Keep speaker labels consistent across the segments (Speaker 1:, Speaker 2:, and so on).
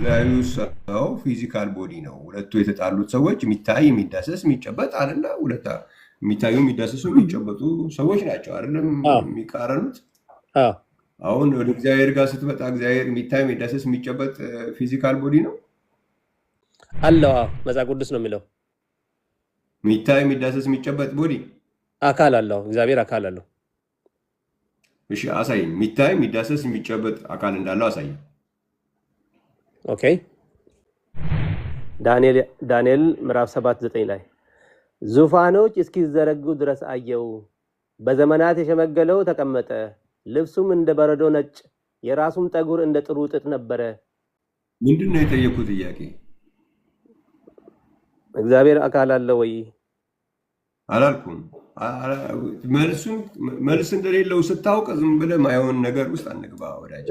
Speaker 1: የተለያዩ ሰው ፊዚካል ቦዲ ነው። ሁለቱ የተጣሉት ሰዎች የሚታይ የሚዳሰስ የሚጨበጥ አለ። ሁለታ የሚታዩ የሚዳሰሱ የሚጨበጡ ሰዎች ናቸው አይደለም የሚቃረኑት። አሁን ወደ እግዚአብሔር ጋር ስትመጣ እግዚአብሔር የሚታይ የሚዳሰስ የሚጨበጥ ፊዚካል ቦዲ ነው
Speaker 2: አለው። መጽሐፍ ቅዱስ ነው የሚለው
Speaker 1: የሚታይ የሚዳሰስ የሚጨበጥ ቦዲ
Speaker 2: አካል አለው። እግዚአብሔር አካል አለው።
Speaker 1: እሺ አሳይ። የሚታይ የሚዳሰስ የሚጨበጥ አካል እንዳለው አሳይ።
Speaker 2: ኦኬ ዳንኤል ምዕራፍ 7 9 ላይ ዙፋኖች እስኪዘረጉ ድረስ አየው። በዘመናት የሸመገለው ተቀመጠ። ልብሱም እንደ በረዶ ነጭ፣ የራሱም ጠጉር እንደ ጥሩ ጥጥ ነበረ።
Speaker 1: ምንድን ነው የጠየቁ ጥያቄ?
Speaker 2: እግዚአብሔር አካል አለ ወይ?
Speaker 1: አላልኩም። መልስ እንደሌለው ስታውቅ ዝም ብለህ ማይሆን ነገር ውስጥ አንግባ ወዳጅ።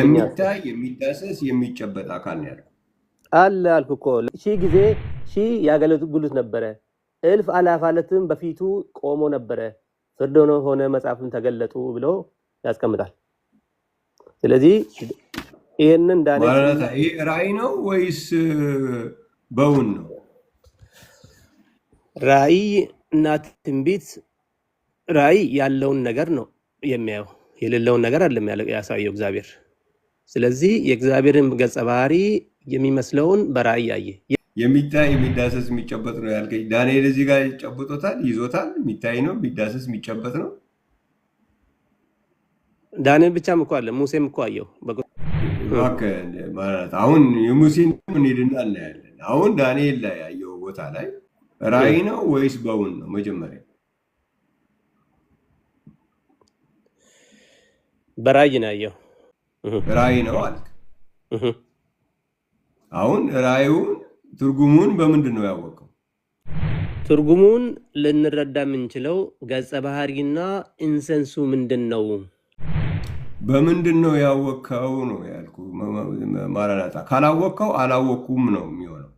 Speaker 1: የሚታይ የሚዳሰስ የሚጨበጥ አካል ነው ያለው
Speaker 2: አለ አልኩ እኮ ሺ ጊዜ ሺ ያገለግሉት ነበረ፣ እልፍ አላፋለትም በፊቱ ቆሞ ነበረ፣ ፍርድ ሆነ መጽሐፍም ተገለጡ ብሎ ያስቀምጣል። ስለዚህ ይህን እንዳለ
Speaker 1: ራእይ ነው ወይስ በውን ነው
Speaker 2: ራእይ እና ትንቢት ራእይ ያለውን ነገር ነው የሚያየው፣ የሌለውን ነገር አለም ያሳየው እግዚአብሔር። ስለዚህ የእግዚአብሔርን ገጸ ባህሪ የሚመስለውን በራእይ ያየ
Speaker 1: የሚታይ የሚዳሰስ የሚጨበጥ ነው ያልከኝ። ዳንኤል እዚህ ጋር ጨብጦታል፣ ይዞታል። የሚታይ ነው የሚዳሰስ የሚጨበጥ ነው።
Speaker 2: ዳንኤል ብቻም እኮ አለ፣ ሙሴም እኮ አየው።
Speaker 1: አሁን የሙሴን ሄድና እናያለን። አሁን ዳንኤል ላይ ያየው ቦታ ላይ ራይ ነው ወይስ በውን ነው? መጀመሪያ
Speaker 2: በራይ ነው ያየው።
Speaker 1: ነው አልክ። አሁን ራዕዩን ትርጉሙን በምንድን ነው ያወቀው?
Speaker 2: ትርጉሙን ልንረዳ የምንችለው ገጸ ባህሪና ኢንሰንሱ ምንድን ነው?
Speaker 1: በምንድን ነው ያወቅከው ነው ያልኩ ማራናጣ ካላወቅከው አላወኩም ነው የሚሆነው።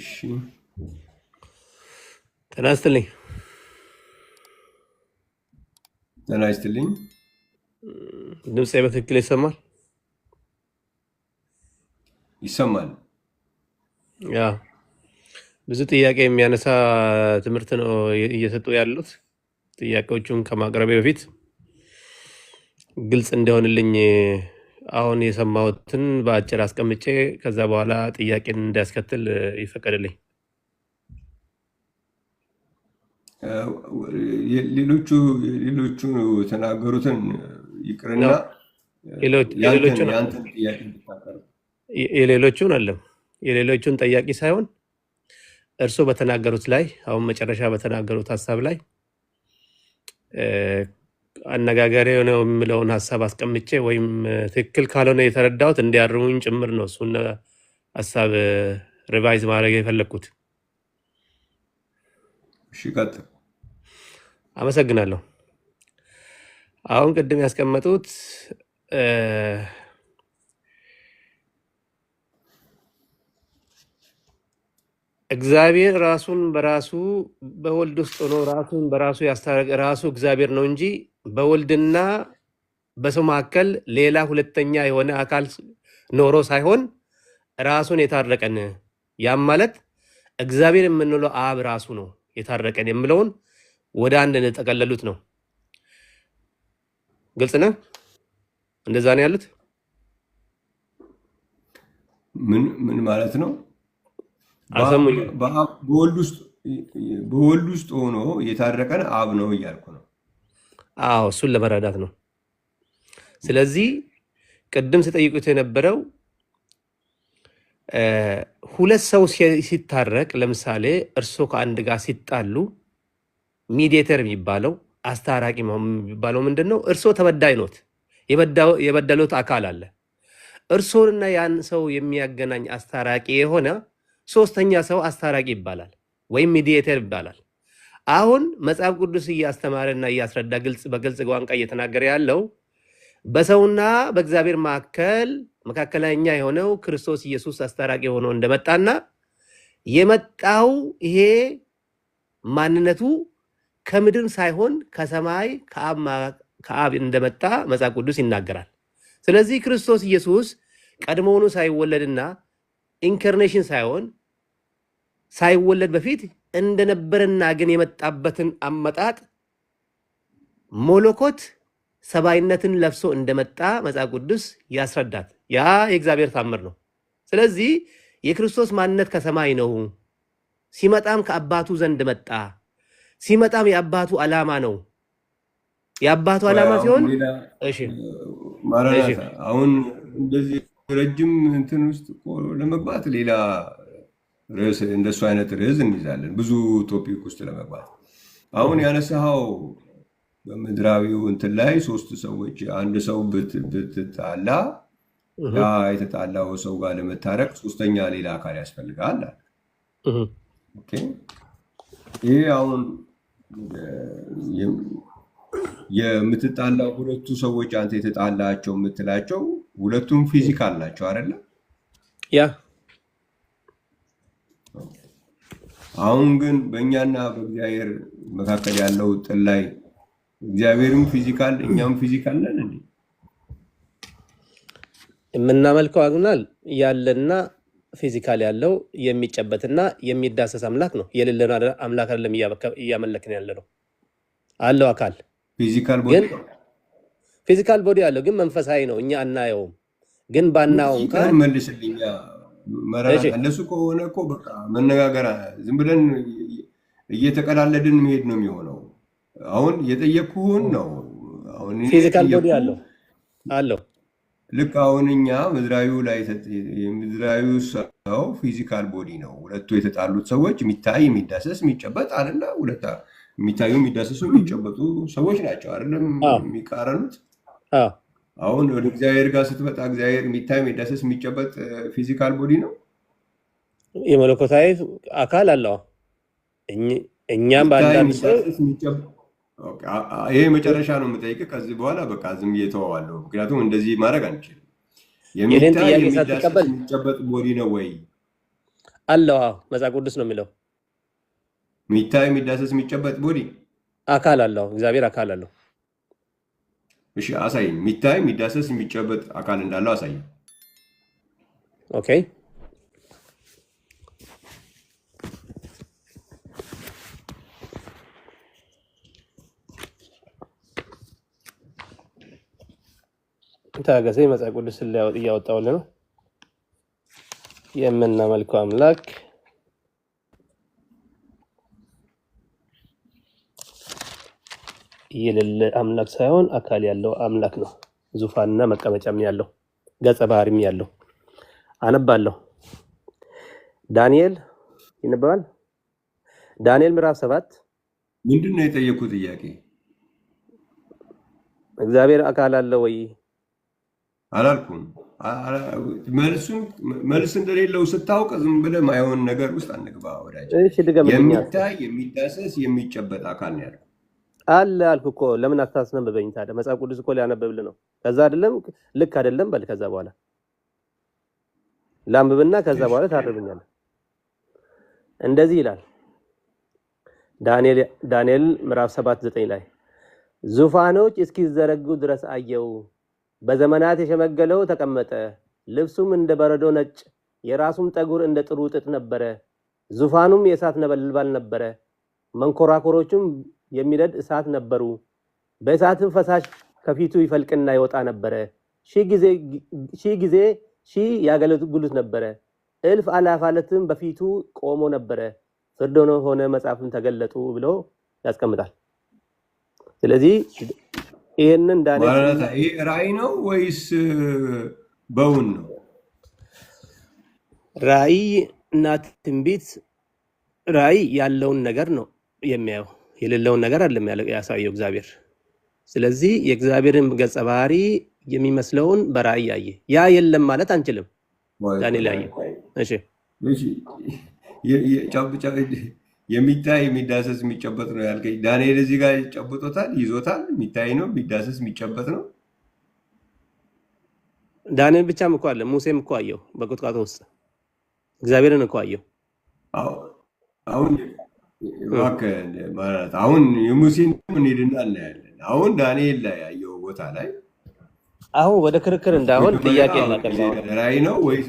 Speaker 2: እሺ ጤና ይስጥልኝ። ጤና ይስጥልኝ። ድምፅ በትክክል ይሰማል? ይሰማል። ያ ብዙ ጥያቄ የሚያነሳ ትምህርት ነው እየሰጡ ያሉት። ጥያቄዎቹን ከማቅረቤ በፊት ግልጽ እንደሆንልኝ አሁን የሰማሁትን በአጭር አስቀምጬ ከዛ በኋላ ጥያቄን እንዲያስከትል ይፈቀድልኝ።
Speaker 1: ሌሎቹ ሌሎቹ የተናገሩትን ይቅርና
Speaker 2: የሌሎቹን አለም የሌሎቹን ጠያቂ ሳይሆን እርስ በተናገሩት ላይ አሁን መጨረሻ በተናገሩት ሀሳብ ላይ አነጋጋሪ የሆነ የምለውን ሀሳብ አስቀምጬ ወይም ትክክል ካልሆነ የተረዳሁት እንዲያርሙኝ ጭምር ነው እሱን ሀሳብ ሪቫይዝ ማድረግ የፈለግኩት። አመሰግናለሁ። አሁን ቅድም ያስቀመጡት እግዚአብሔር ራሱን በራሱ በወልድ ውስጥ ሆኖ ራሱን በራሱ ያስታረቀ ራሱ እግዚአብሔር ነው እንጂ በወልድና በሰው መካከል ሌላ ሁለተኛ የሆነ አካል ኖሮ ሳይሆን ራሱን የታረቀን ያም ማለት እግዚአብሔር የምንለው አብ ራሱ ነው የታረቀን የምለውን ወደ አንድ እንጠቀለሉት ነው። ግልጽ ነው። እንደዛ ነው ያሉት።
Speaker 1: ምን ምን ማለት ነው? በወልድ ውስጥ ሆኖ የታረቀን አብ ነው እያልኩ ነው።
Speaker 2: አዎ እሱን ለመረዳት ነው። ስለዚህ ቅድም ስጠይቁት የነበረው ሁለት ሰው ሲታረቅ፣ ለምሳሌ እርሶ ከአንድ ጋር ሲጣሉ ሚዲየተር የሚባለው አስታራቂ የሚባለው ምንድን ነው? እርሶ ተበዳይ ኖት፣ የበደሎት አካል አለ። እርሶንና ያን ሰው የሚያገናኝ አስታራቂ የሆነ ሶስተኛ ሰው አስታራቂ ይባላል ወይም ሚዲየተር ይባላል። አሁን መጽሐፍ ቅዱስ እያስተማረና እያስረዳ በግልጽ ቋንቋ እየተናገረ ያለው በሰውና በእግዚአብሔር መካከል መካከለኛ የሆነው ክርስቶስ ኢየሱስ አስታራቂ ሆኖ እንደመጣና የመጣው ይሄ ማንነቱ ከምድር ሳይሆን ከሰማይ ከአብ እንደመጣ መጽሐፍ ቅዱስ ይናገራል። ስለዚህ ክርስቶስ ኢየሱስ ቀድሞውኑ ሳይወለድና ኢንካርኔሽን ሳይሆን ሳይወለድ በፊት እንደነበረና ግን የመጣበትን አመጣጥ ሞሎኮት ሰብአዊነትን ለብሶ እንደመጣ መጽሐፍ ቅዱስ ያስረዳት ያ የእግዚአብሔር ታምር ነው። ስለዚህ የክርስቶስ ማንነት ከሰማይ ነው። ሲመጣም ከአባቱ ዘንድ መጣ። ሲመጣም የአባቱ ዓላማ ነው። የአባቱ ዓላማ ሲሆን
Speaker 1: አሁን እንደዚህ ረጅም እንትን ውስጥ ለመግባት ሌላ ርዕስ እንደሱ አይነት ርዕስ እንይዛለን ብዙ ቶፒክ ውስጥ ለመግባት አሁን ያነሳኸው በምድራዊው እንትን ላይ ሶስት ሰዎች አንድ ሰው ብትጣላ ያ የተጣላው ሰው ጋር ለመታረቅ ሶስተኛ ሌላ አካል ያስፈልጋል ይህ አሁን የምትጣላው ሁለቱ ሰዎች አንተ የተጣላቸው የምትላቸው ሁለቱም ፊዚካል ናቸው አይደለም ያ አሁን ግን በእኛና በእግዚአብሔር መካከል ያለው ጥል ላይ እግዚአብሔርም ፊዚካል እኛም ፊዚካል ነን እንዴ?
Speaker 2: የምናመልከው አግናል ያለና ፊዚካል ያለው የሚጨበትና የሚዳሰስ አምላክ ነው። የሌለን አምላክ አይደለም እያመለክን ያለ ነው አለው አካል ግን ፊዚካል ቦዲ አለው፣ ግን መንፈሳዊ ነው። እኛ አናየውም። ግን ባናየው
Speaker 1: ከመልስልኛ እንደሱ ከሆነ እኮ በቃ መነጋገር ዝም ብለን እየተቀላለድን መሄድ ነው የሚሆነው። አሁን የጠየቅኩህን ነው።
Speaker 2: ፊዚካል ቦዲ አለው አለው።
Speaker 1: ልክ አሁን እኛ ምድራዊው ላይ ምድራዊው ሰው ፊዚካል ቦዲ ነው። ሁለቱ የተጣሉት ሰዎች የሚታይ የሚዳሰስ የሚጨበጥ አለ። ሁለት የሚታዩ የሚዳሰሱ የሚጨበጡ ሰዎች ናቸው አይደለም የሚቃረኑት አሁን ወደ እግዚአብሔር ጋር ስትመጣ እግዚአብሔር የሚታይ የሚዳሰስ የሚጨበጥ ፊዚካል ቦዲ ነው።
Speaker 2: የመለኮታዊ አካል አለው። እኛም
Speaker 1: ይሄ መጨረሻ ነው የምጠይቅ ከዚህ በኋላ በቃ ዝም እየተዋዋለሁ፣ ምክንያቱም እንደዚህ ማድረግ አንችልም። የሚታይ ቦዲ ነው ወይ
Speaker 2: አለው? መጽሐፍ ቅዱስ ነው የሚለው።
Speaker 1: የሚታይ የሚዳሰስ የሚጨበጥ ቦዲ
Speaker 2: አካል አለው። እግዚአብሔር አካል አለው።
Speaker 1: እሺ አሳይ የሚታይ የሚዳሰስ የሚጨበጥ አካል እንዳለው አሳይ።
Speaker 2: ኦኬ ታገሰኝ። መጽሐፍ ቅዱስ እያወጣሁልህ ነው። የምናመልከው አምላክ የሌለ አምላክ ሳይሆን አካል ያለው አምላክ ነው። ዙፋንና መቀመጫም ያለው ገጸ ባህሪም ያለው አነባለሁ። ዳንኤል ይነበባል። ዳንኤል ምዕራፍ ሰባት
Speaker 1: ምንድን ነው የጠየኩ ጥያቄ?
Speaker 2: እግዚአብሔር አካል አለ ወይ
Speaker 1: አላልኩም። መልስ እንደሌለው ስታውቅ ዝም ብለህ ማይሆን ነገር ውስጥ አንግባ ወዳጅ። የሚታይ የሚዳሰስ የሚጨበጥ አካል ነው ያለው
Speaker 2: አለ አልኩ እኮ ለምን አታስነብበኝ ታዲያ? መጽሐፍ ቅዱስ እኮ ሊያነብብል ነው። ከዛ አይደለም ልክ አይደለም በል። ከዛ በኋላ ላንብብና ከዛ በኋላ ታርብኛለህ። እንደዚህ ይላል ዳንኤል ዳንኤል ምዕራፍ 7 9 ላይ ዙፋኖች እስኪዘረጉ ድረስ አየው። በዘመናት የሸመገለው ተቀመጠ። ልብሱም እንደ በረዶ ነጭ፣ የራሱም ጠጉር እንደ ጥሩ ጥጥ ነበረ። ዙፋኑም የእሳት ነበልባል ነበረ። መንኮራኮሮቹም የሚነድ እሳት ነበሩ። በእሳትም ፈሳሽ ከፊቱ ይፈልቅና ይወጣ ነበረ። ሺህ ጊዜ ሺህ ያገለግሉት ነበረ። እልፍ አላፋለትም በፊቱ ቆሞ ነበረ። ፍርድ ሆነ መጽሐፍም ተገለጡ ብሎ ያስቀምጣል። ስለዚህ ይህንን ዳን
Speaker 1: ራእይ ነው ወይስ በውን ነው?
Speaker 2: ራእይ እና ትንቢት ራእይ ያለውን ነገር ነው የሚያየው የሌለውን ነገር አለም ያሳየው እግዚአብሔር። ስለዚህ የእግዚአብሔርን ገጸ ባህሪ የሚመስለውን በራእይ ያየ ያ የለም ማለት አንችልም። ዳንኤል ያየ
Speaker 1: የሚታይ የሚዳሰስ የሚጨበጥ ነው ያልከኝ። ዳንኤል እዚህ ጋር ጨብጦታል፣ ይዞታል። የሚታይ ነው፣ የሚዳሰስ የሚጨበጥ ነው።
Speaker 2: ዳንኤል ብቻም እኮ አለ፣ ሙሴም እኮ አየው። በቁጥቋጦ ውስጥ እግዚአብሔርን እኮ አየው።
Speaker 1: አሁን ማለት አሁን የሙሴን እንሄድና እናያለን። አሁን ዳንኤል ላይ ያየው ቦታ ላይ
Speaker 2: አሁን ወደ ክርክር እንዳሁን ጥያቄ
Speaker 1: ራእይ ነው ወይስ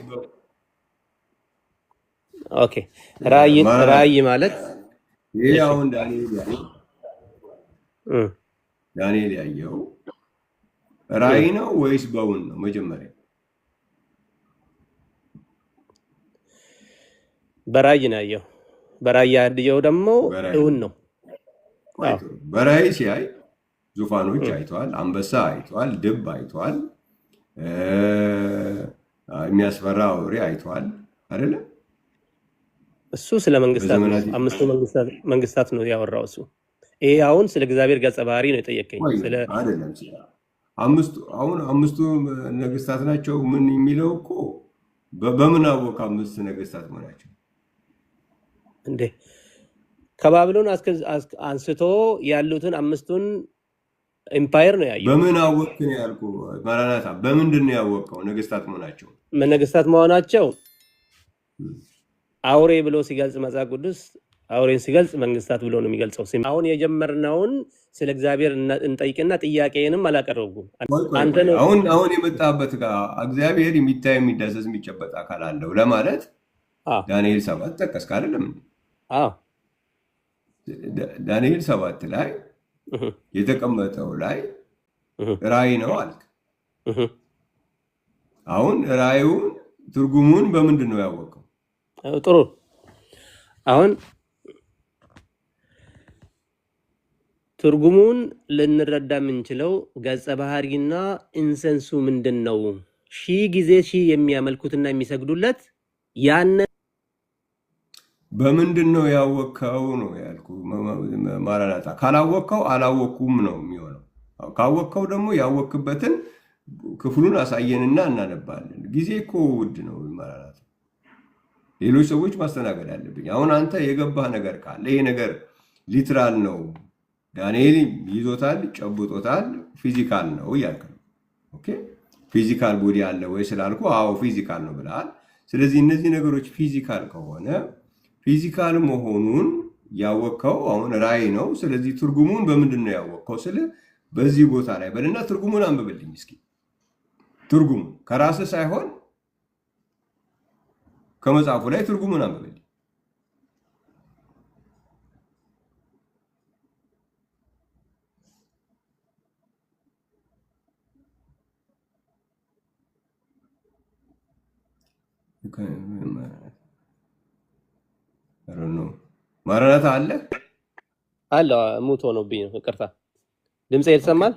Speaker 2: ራእይ ማለት
Speaker 1: ይህ አሁን ዳንኤል ያየው ራይ ነው ወይስ በውን ነው? መጀመሪያ
Speaker 2: በራይ ነው ያየው በራይ ያየው ደግሞ እውን ነው።
Speaker 1: በራይ ሲያይ ዙፋኖች አይተዋል፣ አንበሳ አይተዋል፣ ድብ አይተዋል፣ የሚያስፈራ አውሬ አይተዋል። አይደለም
Speaker 2: እሱ ስለ መንግስታት አምስቱ መንግስታት ነው ያወራው እሱ። ይሄ አሁን ስለ እግዚአብሔር ገጸ ባህሪ ነው የጠየቀኝ።
Speaker 1: አሁን አምስቱ ነገስታት ናቸው ምን የሚለው እኮ በምን አወቅ? አምስት ነገስታት መሆናቸው
Speaker 2: እንዴ ከባቢሎን አንስቶ ያሉትን አምስቱን ኢምፓየር ነው ያየው። በምን አወቅክ ነው ያልኩህ። ማራናታ በምንድን ነው ያወቀው? ነገስታት መሆናቸው ነገስታት መሆናቸው አውሬ ብሎ ሲገልጽ መጽሐፍ ቅዱስ አውሬን ሲገልጽ መንግስታት ብሎ ነው የሚገልጸው። አሁን የጀመርነውን ስለ እግዚአብሔር እንጠይቅና ጥያቄንም አላቀረብኩም። አሁን አሁን የመጣበት እግዚአብሔር የሚታይ የሚዳሰስ የሚጨበጥ አካል አለው ለማለት ዳንኤል ሰባት ጠቀስክ አይደለም? ዳንኤል ሰባት ላይ የተቀመጠው ላይ ራእይ ነው አልክ። አሁን ራእዩን ትርጉሙን በምንድን ነው ያወቀው? ጥሩ አሁን ትርጉሙን ልንረዳ የምንችለው ገጸ ባህሪና ኢንሰንሱ ምንድን ነው? ሺህ ጊዜ ሺህ የሚያመልኩትና የሚሰግዱለት ያንን በምንድን ነው ያወቅከው ነው ያልኩ። ማራናጣ ካላወቅከው አላወቅኩም ነው የሚሆነው። ካወቅከው ደግሞ ያወቅክበትን ክፍሉን አሳየንና እናነባለን። ጊዜ እኮ ውድ ነው። ማራናጣ ሌሎች ሰዎች ማስተናገድ አለብኝ። አሁን አንተ የገባህ ነገር ካለ ይሄ ነገር ሊትራል ነው፣ ዳንኤል ይዞታል፣ ጨብጦታል፣ ፊዚካል ነው እያልክ ነው። ኦኬ ፊዚካል ቦዲ አለ ወይ ስላልኩ አዎ ፊዚካል ነው ብለሃል። ስለዚህ እነዚህ ነገሮች ፊዚካል ከሆነ ፊዚካል መሆኑን ያወቅከው አሁን ራእይ ነው። ስለዚህ ትርጉሙን በምንድን ነው ያወቅከው ስል በዚህ ቦታ ላይ በልና ትርጉሙን አንብብልኝ እስኪ። ትርጉሙ ከራስ ሳይሆን ከመጽሐፉ ላይ ትርጉሙን አንብብልኝ። ወረረታ አለ አለ ሙት ሆኖብኝ ነው። ይቅርታ ድምፅ የተሰማል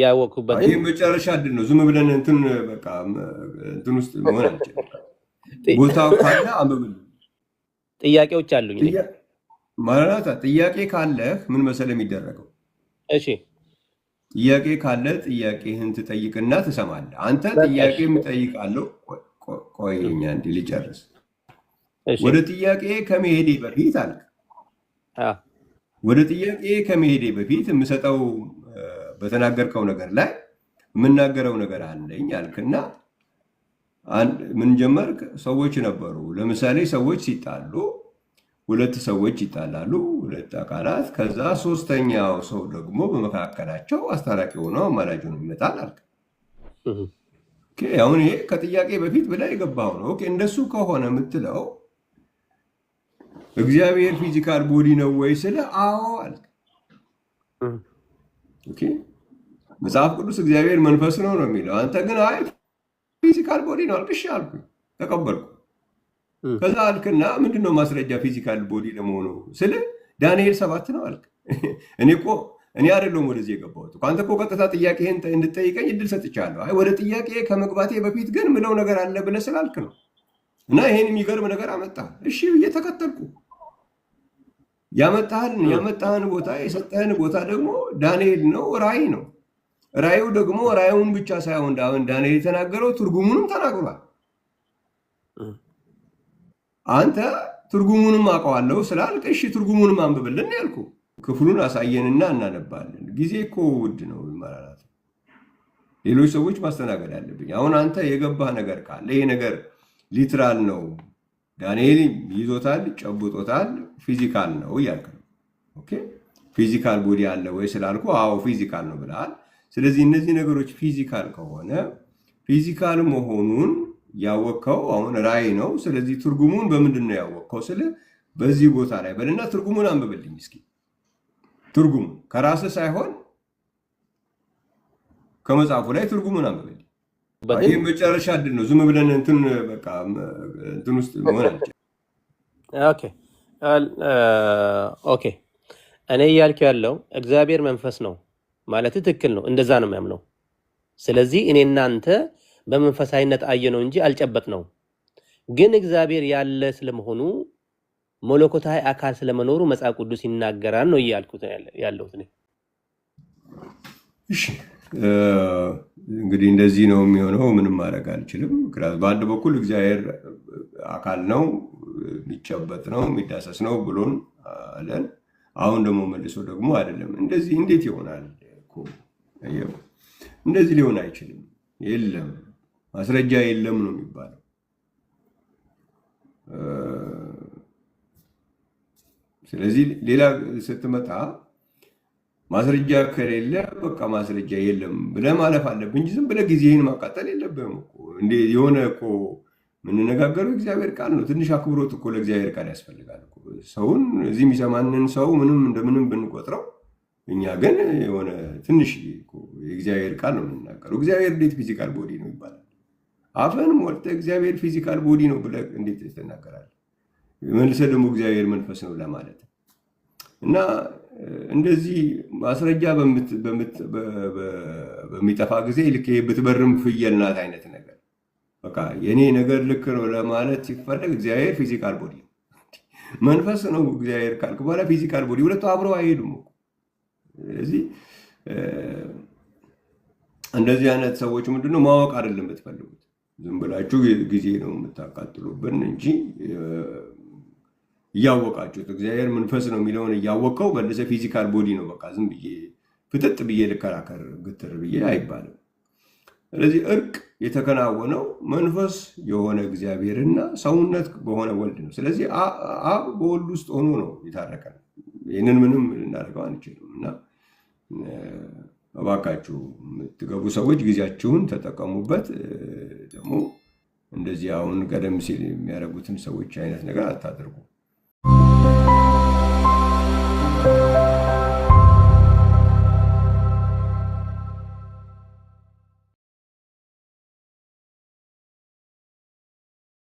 Speaker 2: ያወቅኩበት ይህ መጨረሻ ድል ነው። ዝም ብለን እንትን በቃ እንትን ውስጥ መሆን አንችልም። ቦታ ካለ አንብብል። ጥያቄዎች አሉኝ ማራታ ጥያቄ ካለ ምን መሰለ የሚደረገው እሺ፣ ጥያቄ ካለ ጥያቄህን ትጠይቅና ትሰማለህ። አንተ ጥያቄ እጠይቃለሁ። ቆይኛ እንዲህ ልጨርስ ወደ ጥያቄ ከመሄዴ በፊት አለ ወደ ጥያቄ ከመሄዴ በፊት የምሰጠው በተናገርከው ነገር ላይ የምናገረው ነገር አለኝ አልክና ምን ጀመርክ? ሰዎች ነበሩ። ለምሳሌ ሰዎች ሲጣሉ ሁለት ሰዎች ይጣላሉ፣ ሁለት አካላት። ከዛ ሶስተኛው ሰው ደግሞ በመካከላቸው አስታራቂ ሆኖ አማላጅ ሆኖ ይመጣል አልክ። አሁን ይሄ ከጥያቄ በፊት ብላ የገባው ነው። እንደሱ ከሆነ የምትለው እግዚአብሔር ፊዚካል ቦዲ ነው ወይ ስለ አዎ አልክ። መጽሐፍ ቅዱስ እግዚአብሔር መንፈስ ነው ነው የሚለው አንተ ግን አይ ፊዚካል ቦዲ ነው አልክ። እሺ አልኩ፣ ተቀበልኩ። ከዛ አልክና ምንድነው ማስረጃ ፊዚካል ቦዲ ለመሆኑ ስለ ዳንኤል ሰባት ነው አልክ። እኔ እኮ እኔ አይደለሁም ወደዚህ የገባሁት አንተ እኮ ቀጥታ ጥያቄህን እንድጠይቀኝ እድል ሰጥቻለሁ። አይ ወደ ጥያቄ ከመግባቴ በፊት ግን ምለው ነገር አለ ብለህ ስላልክ ነው። እና ይሄን የሚገርም ነገር አመጣ። እሺ እየተከተልኩ ያመጣህን ያመጣህን ቦታ የሰጠህን ቦታ ደግሞ ዳንኤል ነው፣ ራእይ ነው። ራእዩ ደግሞ ራእዩን ብቻ ሳይሆን አሁን ዳንኤል የተናገረው ትርጉሙንም ተናግሯል። አንተ ትርጉሙንም አውቀዋለሁ ስላልክ እሺ ትርጉሙንም አንብብልን ያልኩ ክፍሉን አሳየንና እናነባለን። ጊዜ እኮ ውድ ነው መራራት ሌሎች ሰዎች ማስተናገድ አለብኝ። አሁን አንተ የገባህ ነገር ካለ ይሄ ነገር ሊትራል ነው ዳንኤል ይዞታል፣ ጨብጦታል ፊዚካል ነው እያልክ ነው። ኦኬ ፊዚካል ቦዲ አለ ወይ ስላልኩ አዎ ፊዚካል ነው ብለሃል። ስለዚህ እነዚህ ነገሮች ፊዚካል ከሆነ ፊዚካል መሆኑን ያወቅከው አሁን ራእይ ነው። ስለዚህ ትርጉሙን በምንድን ነው ያወቅከው ስል በዚህ ቦታ ላይ በልና ትርጉሙን አንብብልኝ እስኪ። ትርጉሙ ከራስህ ሳይሆን ከመጽሐፉ ላይ ትርጉሙን አንብብልኝ። ይህ መጨረሻ ድል ነው። ዝም ብለን እንትን በቃ እንትን ውስጥ መሆን ኦኬ እኔ እያልክ ያለው እግዚአብሔር መንፈስ ነው ማለት ትክክል ነው። እንደዛ ነው የሚያምነው። ስለዚህ እኔ እናንተ በመንፈሳዊነት አየ ነው እንጂ አልጨበጥ ነው። ግን እግዚአብሔር ያለ ስለመሆኑ መለኮታዊ አካል ስለመኖሩ መጽሐፍ ቅዱስ ይናገራል ነው እያልኩት ያለሁት እኔ። እሺ እንግዲህ እንደዚህ ነው የሚሆነው። ምንም ማድረግ አልችልም። ምክንያቱም በአንድ በኩል እግዚአብሔር አካል ነው፣ የሚጨበጥ ነው፣ የሚዳሰስ ነው ብሎን አለን። አሁን ደግሞ መልሶ ደግሞ አይደለም እንደዚህ እንዴት ይሆናል? እንደዚህ ሊሆን አይችልም፣ የለም ማስረጃ የለም ነው የሚባለው። ስለዚህ ሌላ ስትመጣ ማስረጃ ከሌለ በቃ ማስረጃ የለም ብለህ ማለፍ አለብህ እንጂ ዝም ብለህ ጊዜህን ማቃጠል የለብህም እኮ። የሆነ እኮ የምንነጋገረው እግዚአብሔር ቃል ነው። ትንሽ አክብሮት እኮ ለእግዚአብሔር ቃል ያስፈልጋል። ሰውን እዚህ የሚሰማንን ሰው ምንም እንደምንም ብንቆጥረው፣ እኛ ግን የሆነ ትንሽ የእግዚአብሔር ቃል ነው የምንናገረው። እግዚአብሔር እንዴት ፊዚካል ቦዲ ነው ይባላል። አፈን ሞልተህ እግዚአብሔር ፊዚካል ቦዲ ነው ብለህ እንዴት ትናገራለህ? መልሰህ ደግሞ እግዚአብሔር መንፈስ ነው ለማለት እና እንደዚህ ማስረጃ በሚጠፋ ጊዜ ልክ ብትበርም ፍየል ናት አይነት ነገር በቃ የኔ ነገር ልክ ነው ለማለት ሲፈለግ እግዚአብሔር ፊዚካል ቦዲ መንፈስ ነው። እግዚአብሔር ካልክ በኋላ ፊዚካል ቦዲ ሁለቱ አብረው አይሄዱም። ስለዚህ እንደዚህ አይነት ሰዎች ምንድነው ማወቅ አይደለም የምትፈልጉት። ዝም ብላችሁ ጊዜ ነው የምታቃጥሉብን እንጂ እያወቃችሁት እግዚአብሔር መንፈስ ነው የሚለውን እያወቀው መለሰ ፊዚካል ቦዲ ነው በቃ ዝም ብዬ ፍጥጥ ብዬ ልከራከር ግትር ብዬ አይባልም። ስለዚህ እርቅ የተከናወነው መንፈስ የሆነ እግዚአብሔርና ሰውነት በሆነ ወልድ ነው። ስለዚህ አብ በወልድ ውስጥ ሆኖ ነው የታረቀ። ይህንን ምንም ልናደርገው አንችልም እና እባካችሁ የምትገቡ ሰዎች ጊዜያችሁን ተጠቀሙበት። ደግሞ እንደዚህ አሁን ቀደም ሲል የሚያደርጉትን ሰዎች አይነት ነገር አታድርጉ።